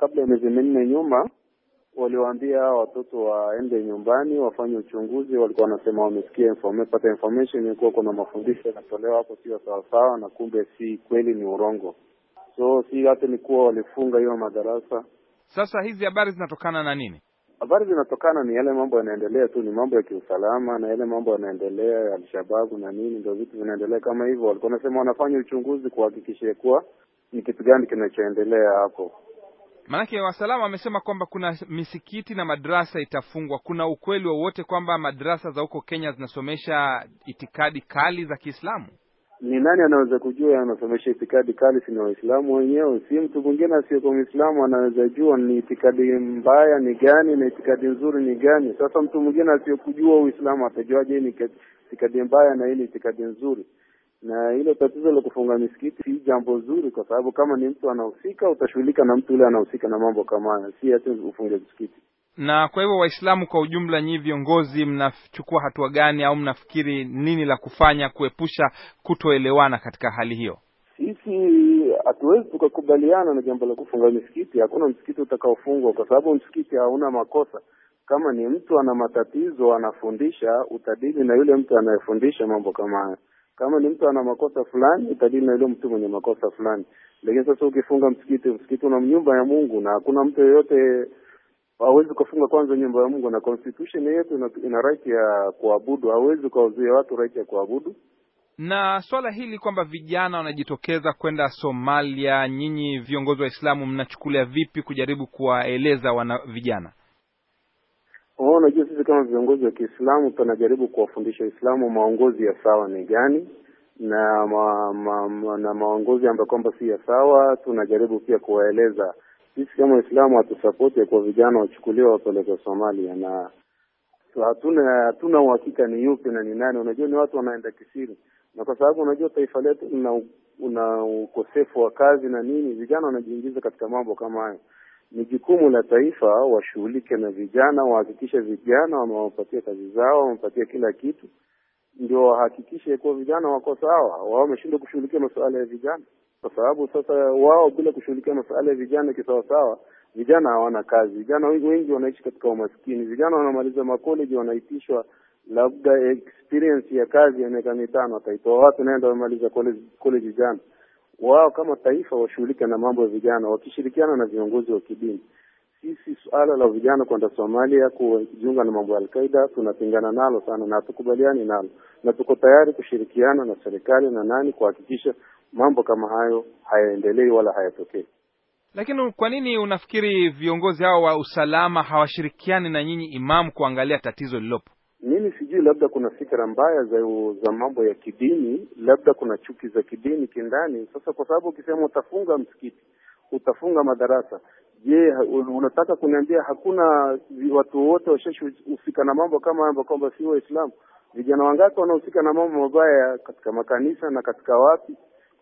Kabla ya miezi minne nyuma, waliwaambia watoto waende nyumbani wafanye uchunguzi. Walikuwa wanasema wamesikia informe, pata information kuwa kuna mafundisho yanatolewa hapo sio sawasawa, na kumbe si kweli, ni urongo. So si hata ni kuwa walifunga hiyo madarasa. Sasa hizi habari zinatokana na nini? Habari zinatokana ni yale mambo yanaendelea tu, ni mambo ya kiusalama na yale mambo yanaendelea ya Alshababu na nini, ndio vitu vinaendelea kama hivyo. Walikuwa wanasema wanafanya uchunguzi kuhakikisha kuwa ni kitu gani kinachoendelea hapo. Maanake wasalama wamesema kwamba kuna misikiti na madrasa itafungwa. Kuna ukweli wowote kwamba madrasa za huko Kenya zinasomesha itikadi kali za Kiislamu? Ni nani anaweza kujua anasomesha itikadi kali? sina Waislamu wenyewe? Si mtu mwingine asiyekuwa Mwislamu anaweza jua ni itikadi mbaya ni gani na itikadi nzuri ni gani? Sasa mtu mwingine asiyekujua Uislamu atajuaje ni itikadi mbaya na hii ni itikadi nzuri? na hilo tatizo la kufunga misikiti si jambo zuri, kwa sababu kama ni mtu anahusika, utashughulika na mtu yule anahusika na mambo kama hayo, si hata ufunge msikiti Na kwa hivyo, Waislamu kwa ujumla, nyinyi viongozi, mnachukua hatua gani au mnafikiri nini la kufanya kuepusha kutoelewana katika hali hiyo? Sisi hatuwezi tukakubaliana na jambo la kufunga misikiti. Hakuna msikiti utakaofungwa, kwa sababu msikiti hauna makosa. Kama ni mtu ana matatizo, anafundisha, utadili na yule mtu anayefundisha mambo kama hayo. Kama ni mtu ana makosa fulani, itadili na yule mtu mwenye makosa fulani. Lakini sasa ukifunga msikiti, msikiti una nyumba ya Mungu, na hakuna mtu yeyote hawezi ukafunga kwanza nyumba ya Mungu, na constitution yetu ina right ya kuabudu. Hawezi ukawazuia watu right ya kuabudu. Na swala hili kwamba vijana wanajitokeza kwenda Somalia, nyinyi viongozi wa Islamu mnachukulia vipi kujaribu kuwaeleza wana vijana? Wao unajua, sisi kama viongozi wa Kiislamu tunajaribu kuwafundisha Waislamu maongozi ya sawa ni gani na ma, ma, ma, na maongozi ambayo kwamba si ya sawa. Tunajaribu pia kuwaeleza sisi kama Waislamu hatusapoti kwa vijana wachukuliwa wapelekwe Somalia, na hatuna hatuna uhakika ni yupi na ni nani. Unajua, ni watu wanaenda kisiri, na kwa sababu unajua taifa letu una ukosefu wa kazi na nini, vijana wanajiingiza katika mambo kama hayo ni jukumu la taifa washughulike na vijana, wahakikishe vijana wamewapatia kazi zao, wamepatia kila kitu, ndio wahakikishe kuwa vijana wako sawa. Wao wameshindwa kushughulikia masuala ya vijana, kwa sababu sasa wao bila kushughulikia masuala ya vijana kisawasawa, vijana hawana kazi, vijana wengi wanaishi katika umaskini, vijana wanamaliza makoleji wanaitishwa labda experience ya kazi ya miaka mitano, ataitoa wapi? Naenda wamemaliza college jana wao kama taifa washughulika na mambo ya vijana wakishirikiana na viongozi wa kidini. Sisi suala la vijana kwenda Somalia kujiunga na mambo ya Alqaida tunapingana nalo sana na hatukubaliani nalo, na tuko tayari kushirikiana na serikali na nani kuhakikisha mambo kama hayo hayaendelei wala hayatokei. Lakini kwa nini unafikiri viongozi hao wa usalama hawashirikiani na nyinyi, Imamu, kuangalia tatizo lililopo? Mimi sijui, labda kuna fikra mbaya za, za mambo ya kidini, labda kuna chuki za kidini kindani. Sasa kwa sababu ukisema utafunga msikiti, utafunga madarasa, je, unataka kuniambia hakuna watu wote washashhusika na mambo kama hayo, kwamba si Waislamu? Vijana wangapi wanahusika na mambo mabaya katika makanisa na katika wapi?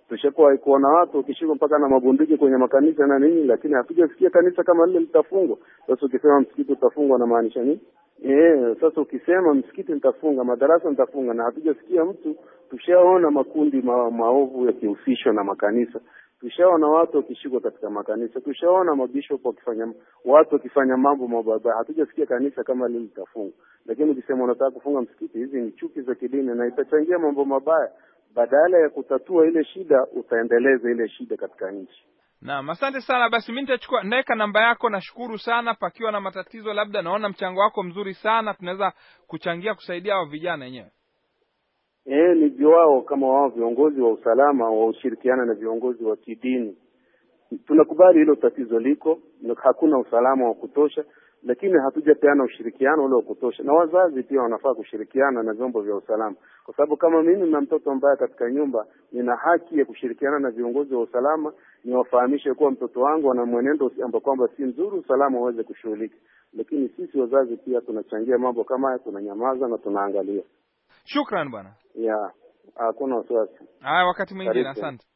Tushakuwa kuona watu wakishikwa mpaka na mabunduki kwenye makanisa na nini, lakini hatujasikia kanisa kama lile litafungwa. Sasa ukisema msikiti utafungwa, unamaanisha nini? Eh, sasa ukisema msikiti nitafunga, madarasa nitafunga, na hatujasikia mtu. Tushaona makundi ma, maovu yakihusishwa na makanisa, tushaona watu wakishikwa katika makanisa, tushaona mabishop wakifanya watu wakifanya mambo mabaya. Hatujasikia kanisa kama lile litafunga, lakini ukisema unataka kufunga msikiti, hizi ni chuki za kidini na itachangia mambo mabaya. Badala ya kutatua ile shida, utaendeleza ile shida katika nchi. Naam, asante sana. Basi mi nitachukua ndaeka namba yako. Nashukuru sana. Pakiwa na matatizo, labda naona mchango wako mzuri sana, tunaweza kuchangia kusaidia hao vijana wenyewe. E, ni juao kama wao viongozi wa usalama ushirikiana na viongozi wa kidini. Tunakubali hilo tatizo liko, hakuna usalama wa kutosha, lakini hatujapeana ushirikiano ule wa kutosha, na wazazi pia wanafaa kushirikiana na vyombo vya usalama, kwa sababu kama mimi na mtoto ambaye katika nyumba, nina haki ya kushirikiana na viongozi wa usalama, niwafahamishe kuwa mtoto wangu ana mwenendo ambao kwamba si mzuri, usalama uweze kushughulika. Lakini sisi wazazi pia tunachangia mambo kama haya, tunanyamaza na tunaangalia. Shukran bwana. Yeah, hakuna wasiwasi. Haya, wakati mwingine, asante.